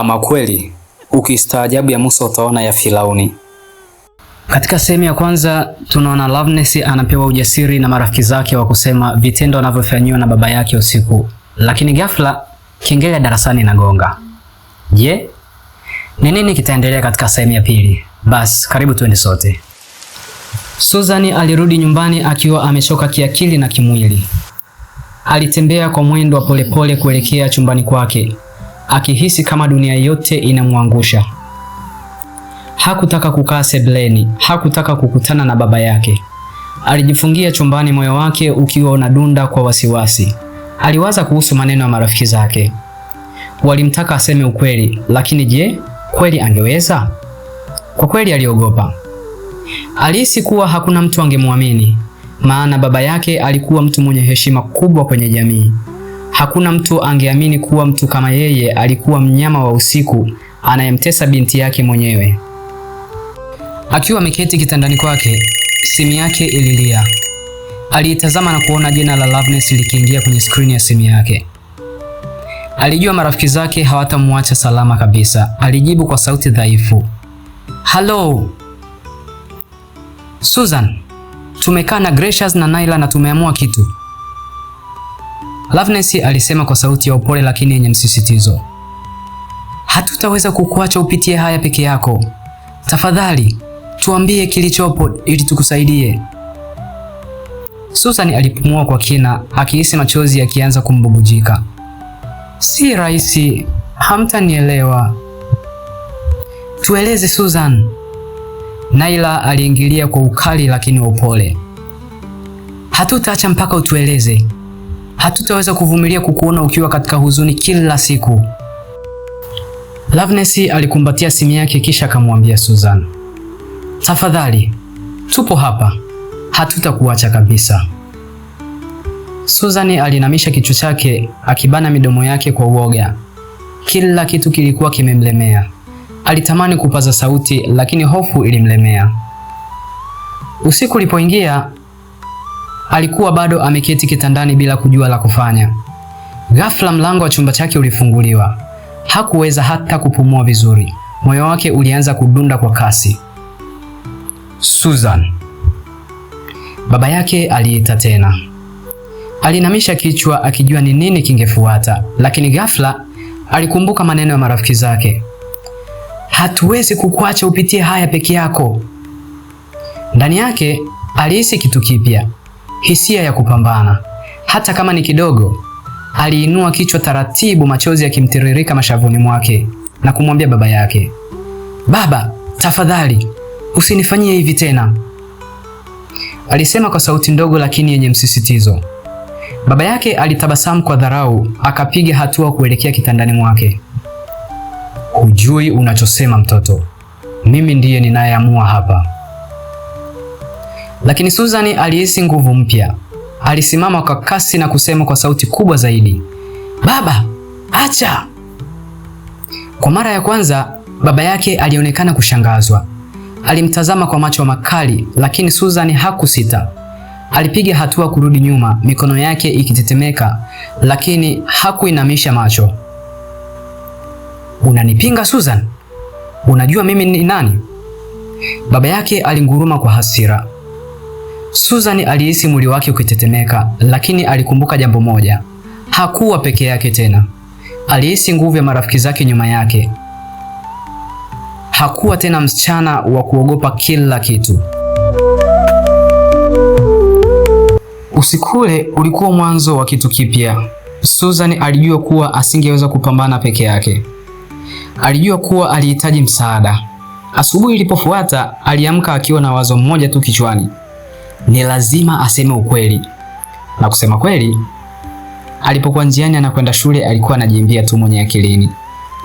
Ama kweli ukistaajabu ya Musa utaona ya Firauni. Katika sehemu ya kwanza tunaona Loveness anapewa ujasiri na marafiki zake wa kusema vitendo anavyofanyiwa na baba yake usiku, lakini ghafla kengele ya darasani inagonga. Je, ni nini kitaendelea katika sehemu ya pili? Basi karibu tuende sote. Susan alirudi nyumbani akiwa amechoka kiakili na kimwili. Alitembea kwa mwendo wa polepole kuelekea chumbani kwake akihisi kama dunia yote inamwangusha. Hakutaka kukaa sebleni, hakutaka kukutana na baba yake. Alijifungia chumbani, moyo wake ukiwa unadunda kwa wasiwasi. Aliwaza kuhusu maneno ya marafiki zake. Walimtaka aseme ukweli, lakini je, kweli angeweza? Kwa kweli aliogopa. Alihisi kuwa hakuna mtu angemwamini, maana baba yake alikuwa mtu mwenye heshima kubwa kwenye jamii. Hakuna mtu angeamini kuwa mtu kama yeye alikuwa mnyama wa usiku anayemtesa binti yake mwenyewe. Akiwa ameketi kitandani kwake, simu yake ililia. Aliitazama na kuona jina la Loveness likiingia kwenye skrini ya simu yake. Alijua marafiki zake hawatamwacha salama kabisa. Alijibu kwa sauti dhaifu, halo Susan, tumekaa na Gracious na Naila na tumeamua kitu. Lovenessi alisema kwa sauti ya upole lakini yenye msisitizo. Hatutaweza kukuacha upitie haya peke yako. Tafadhali tuambie kilichopo ili tukusaidie. Susan alipumua kwa kina, akihisi machozi yakianza kumbubujika. Si rahisi, hamtanielewa. Tueleze Susan. Naila aliingilia kwa ukali lakini wa upole. Hatutaacha mpaka utueleze hatutaweza kuvumilia kukuona ukiwa katika huzuni kila siku. Loveness alikumbatia simu yake kisha akamwambia Susan, tafadhali, tupo hapa, hatutakuacha kabisa. Susan alinamisha kichwa chake akibana midomo yake kwa uoga. Kila kitu kilikuwa kimemlemea. Alitamani kupaza sauti, lakini hofu ilimlemea. Usiku ulipoingia, Alikuwa bado ameketi kitandani bila kujua la kufanya. Ghafla mlango wa chumba chake ulifunguliwa. Hakuweza hata kupumua vizuri, moyo wake ulianza kudunda kwa kasi. Susan, baba yake aliita tena. Alinamisha kichwa akijua ni nini kingefuata, lakini ghafla alikumbuka maneno ya marafiki zake, hatuwezi kukuacha upitie haya peke yako. Ndani yake alihisi kitu kipya hisia ya kupambana, hata kama ni kidogo. Aliinua kichwa taratibu, machozi yakimtiririka mashavuni mwake, na kumwambia baba yake, baba, tafadhali usinifanyie hivi tena. Alisema kwa sauti ndogo lakini yenye msisitizo. Baba yake alitabasamu kwa dharau, akapiga hatua kuelekea kitandani mwake. Hujui unachosema mtoto, mimi ndiye ninayeamua hapa. Lakini Susan alihisi nguvu mpya. Alisimama kwa kasi na kusema kwa sauti kubwa zaidi, baba, acha! Kwa mara ya kwanza baba yake alionekana kushangazwa. Alimtazama kwa macho makali, lakini Susan hakusita. Alipiga hatua kurudi nyuma, mikono yake ikitetemeka, lakini hakuinamisha macho. Unanipinga Susan? Unajua mimi ni nani? Baba yake alinguruma kwa hasira. Susan alihisi mwili wake ukitetemeka, lakini alikumbuka jambo moja: hakuwa peke yake tena. Alihisi nguvu ya marafiki zake nyuma yake. Hakuwa tena msichana wa kuogopa kila kitu. Usiku ule ulikuwa mwanzo wa kitu kipya. Susan alijua kuwa asingeweza kupambana peke yake. Alijua kuwa alihitaji msaada. Asubuhi ilipofuata, aliamka akiwa na wazo mmoja tu kichwani ni lazima aseme ukweli. Na kusema kweli, alipokuwa njiani anakwenda shule alikuwa anajimbia tu mwenye akilini,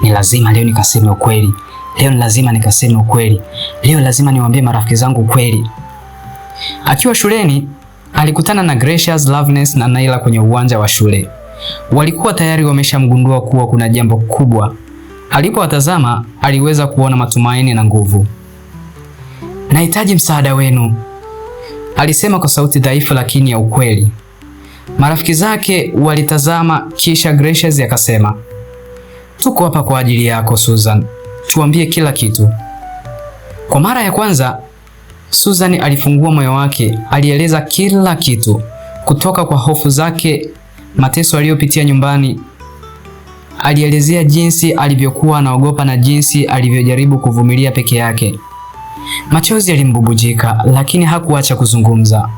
ni lazima leo nikaseme ukweli, leo ni lazima nikaseme ukweli, leo lazima niwaambie marafiki zangu ukweli. Akiwa shuleni alikutana na Gracious, Loveness na Naila kwenye uwanja wa shule. Walikuwa tayari wameshamgundua kuwa kuna jambo kubwa. Alipowatazama aliweza kuona matumaini na nguvu. Nahitaji msaada wenu, alisema kwa sauti dhaifu lakini ya ukweli. Marafiki zake walitazama, kisha Gracious akasema, tuko hapa kwa ajili yako Susan, tuambie kila kitu. Kwa mara ya kwanza Susan alifungua moyo wake, alieleza kila kitu, kutoka kwa hofu zake, mateso aliyopitia nyumbani. Alielezea jinsi alivyokuwa anaogopa na jinsi alivyojaribu kuvumilia peke yake. Machozi yalimbubujika lakini hakuacha kuzungumza.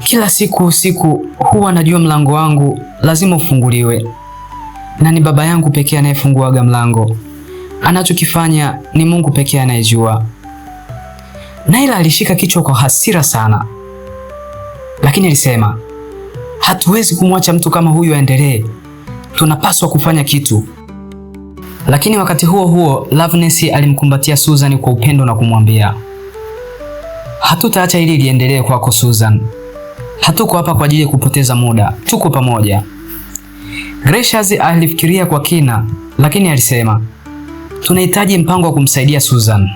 Kila siku usiku huwa najua mlango wangu lazima ufunguliwe, na ni baba yangu pekee anayefunguaga mlango. Anachokifanya ni Mungu pekee anayejua. Naila alishika kichwa kwa hasira sana, lakini alisema, hatuwezi kumwacha mtu kama huyu aendelee, tunapaswa kufanya kitu. Lakini wakati huo huo, Loveness alimkumbatia Susan kwa upendo na kumwambia, hatutaacha ili liendelee kwako Susan, hatuko hapa kwa ajili ya kupoteza muda, tuko pamoja. Gracious alifikiria kwa kina, lakini alisema, tunahitaji mpango wa kumsaidia Susan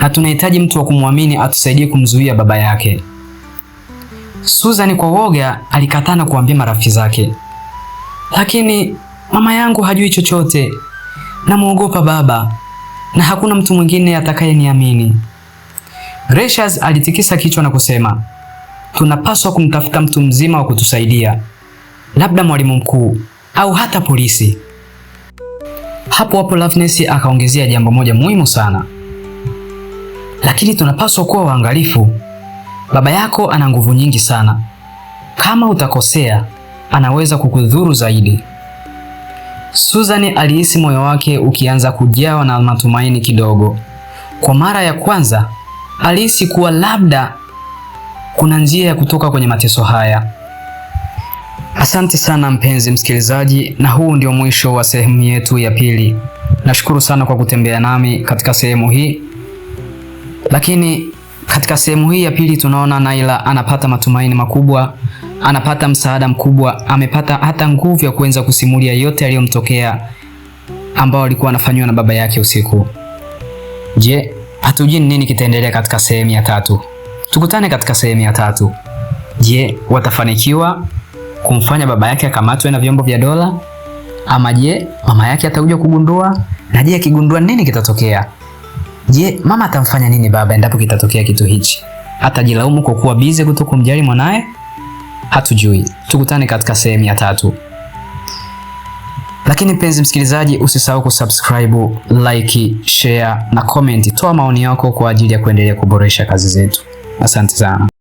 na tunahitaji mtu wa kumwamini atusaidie kumzuia baba yake. Susan kwa woga alikataa na kuambia marafiki zake, lakini mama yangu hajui chochote, namwogopa baba na hakuna mtu mwingine atakayeniamini. Gracious alitikisa kichwa na kusema, tunapaswa kumtafuta mtu mzima wa kutusaidia, labda mwalimu mkuu au hata polisi. Hapo hapo Loveness akaongezea jambo moja muhimu sana, lakini tunapaswa kuwa waangalifu. Baba yako ana nguvu nyingi sana, kama utakosea anaweza kukudhuru zaidi. Susan alihisi moyo wake ukianza kujawa na matumaini kidogo. Kwa mara ya kwanza alihisi kuwa labda kuna njia ya kutoka kwenye mateso haya. Asante sana mpenzi msikilizaji, na huu ndio mwisho wa sehemu yetu ya pili. Nashukuru sana kwa kutembea nami katika sehemu hii, lakini katika sehemu hii ya pili tunaona Naila anapata matumaini makubwa anapata msaada mkubwa, amepata hata nguvu ya kuweza kusimulia yote yaliyomtokea ambao alikuwa anafanywa na baba yake usiku. Je, hatujui nini kitaendelea katika sehemu ya tatu? Tukutane katika sehemu ya tatu. Je, watafanikiwa kumfanya baba yake akamatwe na vyombo vya dola ama je, mama yake atakuja kugundua? Na je, akigundua nini kitatokea? Je, mama atamfanya nini baba endapo kitatokea kitu hichi? Atajilaumu kwa kuwa bize kuto kumjali mwanaye? hatujui. Tukutane katika sehemu ya tatu. Lakini mpenzi msikilizaji, usisahau kusubscribe, like, share na comment. Toa maoni yako kwa ajili ya kuendelea kuboresha kazi zetu. Asante sana.